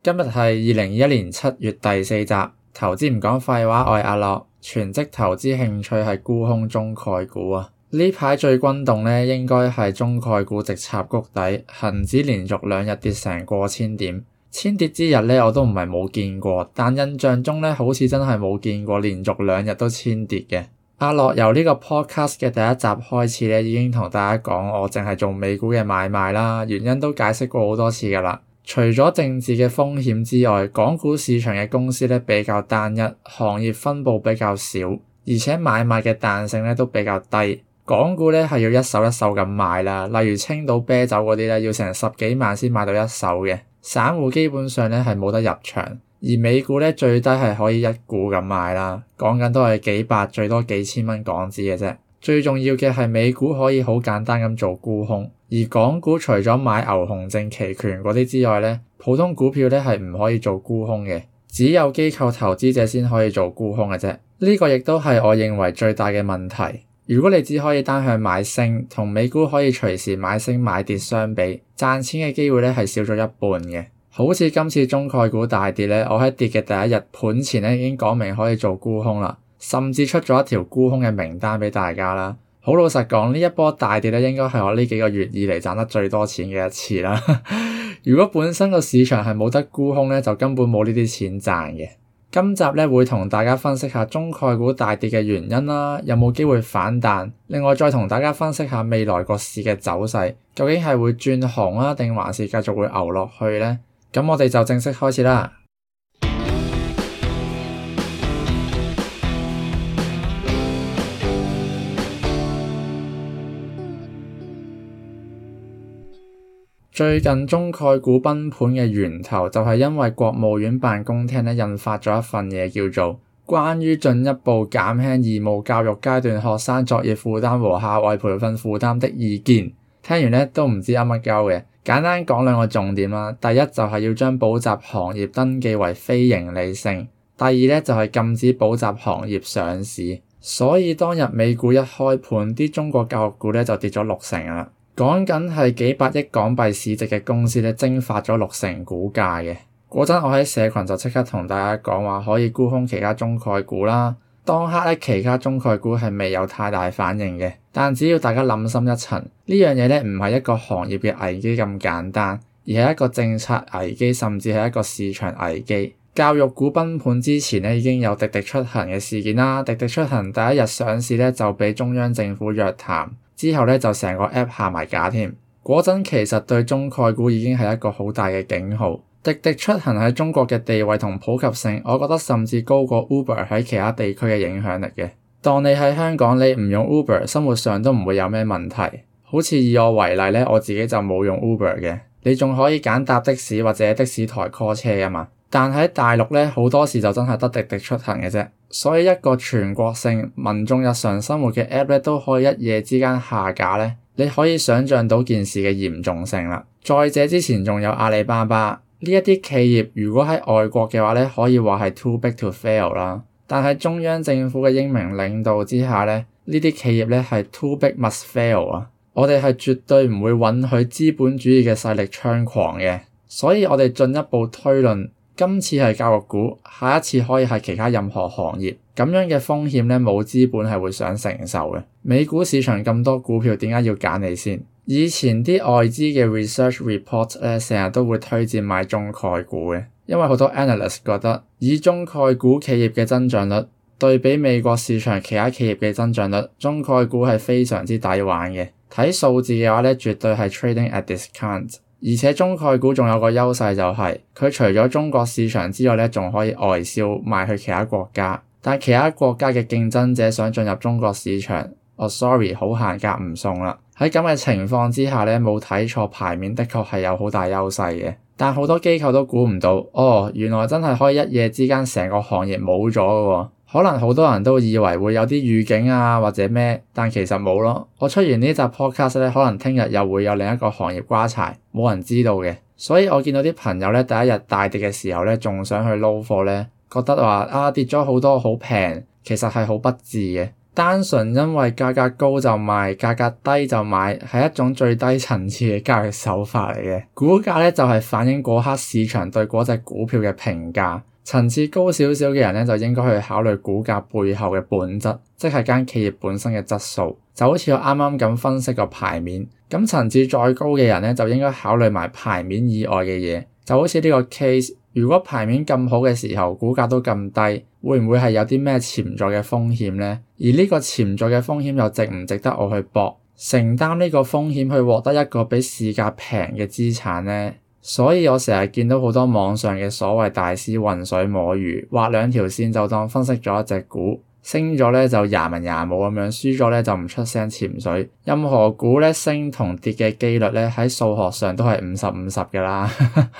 今日係二零二一年七月第四集，投資唔講廢話，我係阿樂，全職投資興趣係沽空中概股啊！呢排最轟動咧，應該係中概股直插谷底，恒指連續兩日跌成過千點，千跌之日咧，我都唔係冇見過，但印象中咧，好似真係冇見過連續兩日都千跌嘅。阿樂由呢個 podcast 嘅第一集開始咧，已經同大家講，我淨係做美股嘅買賣啦，原因都解釋過好多次㗎喇。除咗政治嘅風險之外，港股市場嘅公司咧比較單一，行業分佈比較少，而且買賣嘅彈性咧都比較低。港股咧係要一手一手咁買啦，例如青島啤酒嗰啲咧要成十幾萬先買到一手嘅，散戶基本上咧係冇得入場。而美股咧最低係可以一股咁買啦，講緊都係幾百最多幾千蚊港紙嘅啫。最重要嘅係美股可以好簡單咁做沽空，而港股除咗買牛熊證、期權嗰啲之外咧，普通股票呢係唔可以做沽空嘅，只有機構投資者先可以做沽空嘅啫。呢個亦都係我認為最大嘅問題。如果你只可以單向買升，同美股可以隨時買升買跌相比，賺錢嘅機會呢係少咗一半嘅。好似今次中概股大跌呢，我喺跌嘅第一日盤前呢已經講明可以做沽空啦。甚至出咗一條沽空嘅名單畀大家啦。好老實講，呢一波大跌咧，應該係我呢幾個月以嚟賺得最多錢嘅一次啦。 如果本身個市場係冇得沽空咧，就根本冇呢啲錢賺嘅。今集咧會同大家分析下中概股大跌嘅原因啦，有冇機會反彈？另外再同大家分析下未來個市嘅走勢，究竟係會轉紅呀，定還是繼續會牛落去咧？咁我哋就正式開始啦。最近中概股崩盤嘅源頭就係因為國務院辦公廳呢，印發咗一份嘢叫做《關於進一步減輕義務教育階段學生作業負擔和校外培訓負擔的意見》。聽完呢都唔知噏乜鳩嘅，簡單講兩個重點啦。第一就係要將補習行業登記為非營利性；第二呢，就係禁止補習行業上市。所以當日美股一開盤，啲中國教育股呢就跌咗六成啊！講緊係幾百億港幣市值嘅公司咧，蒸發咗六成股價嘅。嗰陣我喺社群就即刻同大家講話，可以沽空其他中概股啦。當刻咧，其他中概股係未有太大反應嘅。但只要大家諗深一層，這呢樣嘢咧唔係一個行業嘅危機咁簡單，而係一個政策危機，甚至係一個市場危機。教育股崩盤之前咧，已經有滴滴出行嘅事件啦。滴滴出行第一日上市咧，就被中央政府約談。之後呢，就成個 app 下埋架添，果真其實對中概股已經係一個好大嘅警號。滴滴出行喺中國嘅地位同普及性，我覺得甚至高過 Uber 喺其他地區嘅影響力嘅。當你喺香港你唔用 Uber，生活上都唔會有咩問題。好似以我為例呢，我自己就冇用 Uber 嘅，你仲可以揀搭的士或者的士台 call 車啊嘛。但喺大陸呢，好多時就真係得滴滴出行嘅啫，所以一個全國性民眾日常生活嘅 app 呢都可以一夜之間下架呢，你可以想象到件事嘅嚴重性啦。再者之前仲有阿里巴巴呢一啲企業，如果喺外國嘅話呢，可以話係 too big to fail 啦。但喺中央政府嘅英明領導之下呢，呢啲企業呢係 too big must fail 啊。我哋係絕對唔會允許資本主義嘅勢力猖狂嘅，所以我哋進一步推論。今次係教育股，下一次可以係其他任何行業。咁樣嘅風險咧，冇資本係會想承受嘅。美股市場咁多股票，點解要揀你先？以前啲外資嘅 research report 咧，成日都會推薦買中概股嘅，因為好多 analyst 覺得，以中概股企業嘅增長率對比美國市場其他企業嘅增長率，中概股係非常之抵玩嘅。睇數字嘅話咧，絕對係 trading at discount。而且中概股仲有個優勢就係、是，佢除咗中國市場之外咧，仲可以外銷賣去其他國家。但係其他國家嘅競爭者想進入中國市場，哦、oh，sorry，好閒夾唔送啦。喺咁嘅情況之下咧，冇睇錯排面，的確係有好大優勢嘅。但好多機構都估唔到，哦，原來真係可以一夜之間成個行業冇咗嘅喎。可能好多人都以為會有啲預警啊，或者咩，但其實冇咯。我出完呢集 podcast 咧，可能聽日又會有另一個行業瓜柴，冇人知道嘅。所以我見到啲朋友咧，第一日大跌嘅時候咧，仲想去撈貨咧，覺得話啊跌咗好多好平，其實係好不智嘅。單純因為價格高就賣，價格低就買，係一種最低層次嘅交易手法嚟嘅。股價咧就係反映嗰刻市場對嗰隻股票嘅評價。層次高少少嘅人咧，就應該去考慮股價背後嘅本質，即係間企業本身嘅質素。就好似我啱啱咁分析個牌面。咁層次再高嘅人咧，就應該考慮埋牌面以外嘅嘢。就好似呢個 case，如果牌面咁好嘅時候，股價都咁低，會唔會係有啲咩潛在嘅風險咧？而呢個潛在嘅風險又值唔值得我去搏？承擔呢個風險去獲得一個比市價平嘅資產咧？所以我成日見到好多網上嘅所謂大師混水摸魚，畫兩條線就當分析咗一隻股，升咗咧就廿文廿武咁樣，輸咗咧就唔出聲潛水。任何股咧，升同跌嘅機率咧，喺數學上都係五十五十㗎啦。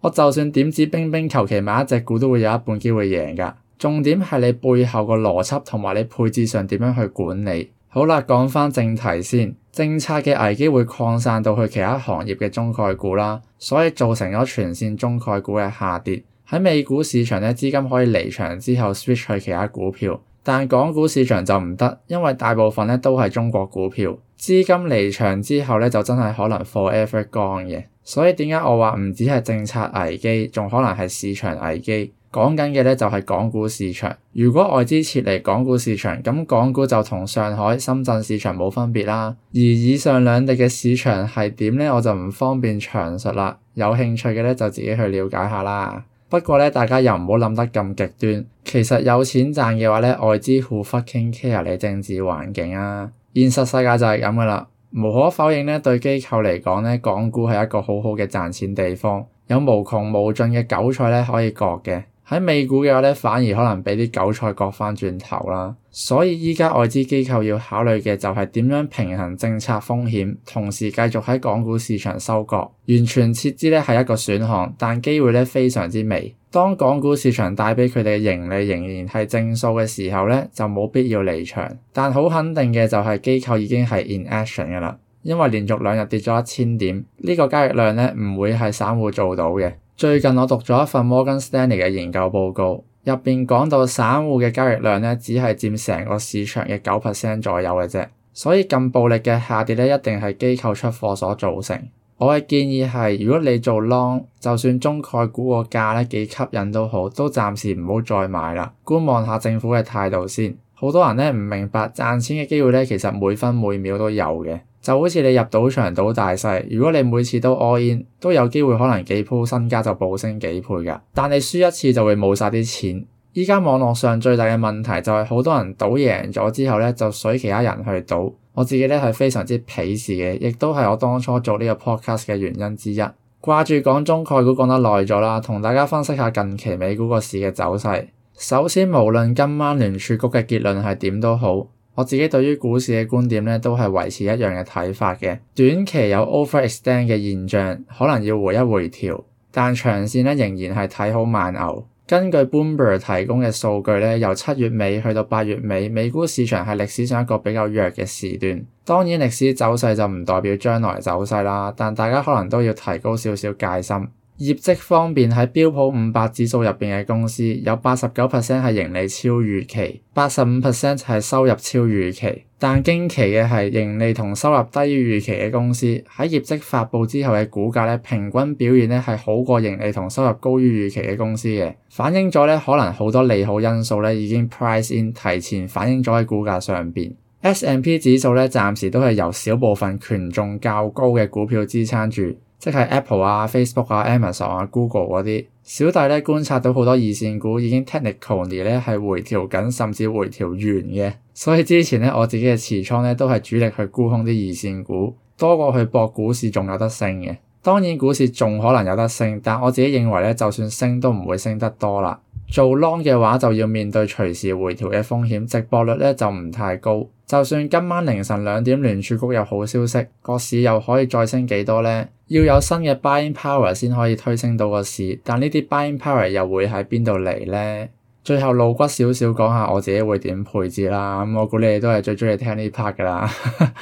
我就算點指兵兵，求其買一隻股都會有一半機會贏㗎。重點係你背後個邏輯同埋你配置上點樣去管理。好啦，講返正題先。政策嘅危機會擴散到去其他行業嘅中概股啦，所以造成咗全線中概股嘅下跌。喺美股市場呢，資金可以離場之後 switch 去其他股票，但港股市場就唔得，因為大部分呢都係中國股票，資金離場之後呢，就真係可能 forever gone 嘅。所以點解我話唔止係政策危機，仲可能係市場危機？講緊嘅咧就係港股市場。如果外資撤離港股市場，咁港股就同上海、深圳市場冇分別啦。而以上兩地嘅市場係點咧，我就唔方便詳述啦。有興趣嘅咧就自己去了解下啦。不過咧，大家又唔好諗得咁極端。其實有錢賺嘅話咧，外資 who fucking care 你政治環境啊。現實世界就係咁噶啦。無可否認咧，對機構嚟講咧，港股係一個好好嘅賺錢地方，有無窮無盡嘅韭菜咧可以割嘅。喺美股嘅話呢，反而可能俾啲韭菜割翻轉頭啦。所以依家外資機構要考慮嘅就係點樣平衡政策風險，同時繼續喺港股市場收割。完全撤資呢，係一個選項，但機會呢，非常之微。當港股市場帶俾佢哋嘅盈利仍然係正數嘅時候呢，就冇必要離場。但好肯定嘅就係機構已經係 in action 㗎啦，因為連續兩日跌咗一千點，呢、這個交易量呢，唔會係散戶做到嘅。最近我讀咗一份 Morgan Stanley 嘅研究報告，入邊講到散戶嘅交易量呢，只係佔成個市場嘅九 percent 左右嘅啫。所以咁暴力嘅下跌呢，一定係機構出貨所造成。我嘅建議係，如果你做 long，就算中概股個價呢幾吸引都好，都暫時唔好再買啦，觀望下政府嘅態度先。好多人呢，唔明白賺錢嘅機會呢，其實每分每秒都有嘅。就好似你入賭場賭大細，如果你每次都 all in，都有機會可能幾鋪身家就暴升幾倍㗎。但你輸一次就會冇晒啲錢。而家網絡上最大嘅問題就係好多人賭贏咗之後咧，就水其他人去賭。我自己咧係非常之鄙視嘅，亦都係我當初做呢個 podcast 嘅原因之一。掛住講中概股講得耐咗啦，同大家分析下近期美股個市嘅走勢。首先，無論今晚聯儲局嘅結論係點都好。我自己對於股市嘅觀點咧，都係維持一樣嘅睇法嘅。短期有 overextend 嘅現象，可能要回一回調，但長線咧仍然係睇好慢牛。根據 Bloomberg 提供嘅數據咧，由七月尾去到八月尾，美股市場係歷史上一個比較弱嘅時段。當然，歷史走勢就唔代表將來走勢啦，但大家可能都要提高少少戒心。業績方面，喺標普五百指數入邊嘅公司，有八十九 percent 係盈利超預期，八十五 percent 就係收入超預期。但驚奇嘅係，盈利同收入低於預期嘅公司喺業績發布之後嘅股價咧，平均表現咧係好過盈利同收入高於預期嘅公司嘅，反映咗咧可能好多利好因素咧已經 price in 提前反映咗喺股價上邊。S&P 指數咧暫時都係由少部分權重較高嘅股票支撐住。即係 Apple 啊、Facebook 啊、Amazon 啊、Google 嗰啲，小弟咧觀察到好多二線股已經 technically 咧係回調緊，甚至回調完嘅。所以之前咧我自己嘅持倉咧都係主力去沽空啲二線股，多過去博股市仲有得升嘅。當然股市仲可能有得升，但我自己認為咧，就算升都唔會升得多啦。做 long 嘅話就要面對隨時回調嘅風險，值博率咧就唔太高。就算今晚凌晨兩點聯儲局有好消息，個市又可以再升幾多咧？要有新嘅 buying power 先可以推升到個市，但呢啲 buying power 又會喺邊度嚟呢？最後露骨少少講下我自己會點配置啦。咁我估你哋都係最鍾意聽呢 part 噶啦。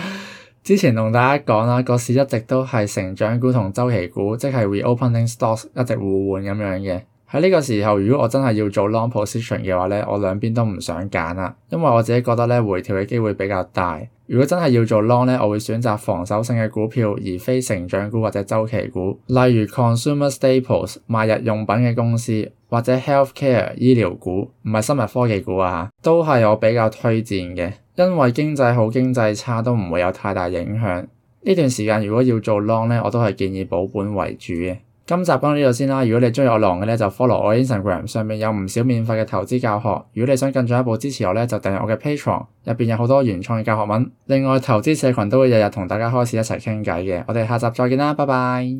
之前同大家講啦，個市一直都係成長股同周期股，即係 reopening stocks 一直互換咁樣嘅。喺呢個時候，如果我真係要做 long position 嘅話咧，我兩邊都唔想揀啦，因為我自己覺得咧回調嘅機會比較大。如果真係要做 long 咧，我會選擇防守性嘅股票，而非成長股或者周期股。例如 consumer staples 賣日用品嘅公司，或者 healthcare 醫療股，唔係生物科技股啊，都係我比較推薦嘅。因為經濟好經濟差都唔會有太大影響。呢段時間如果要做 long 咧，我都係建議保本為主嘅。今集講到呢度先啦。如果你鍾意我郎嘅咧，就 follow 我 Instagram，上面有唔少免費嘅投資教學。如果你想更進一步支持我咧，就訂閱我嘅 Patreon，入邊有好多原創嘅教學文。另外，投資社群都會日日同大家開始一齊傾偈嘅。我哋下集再見啦，拜拜。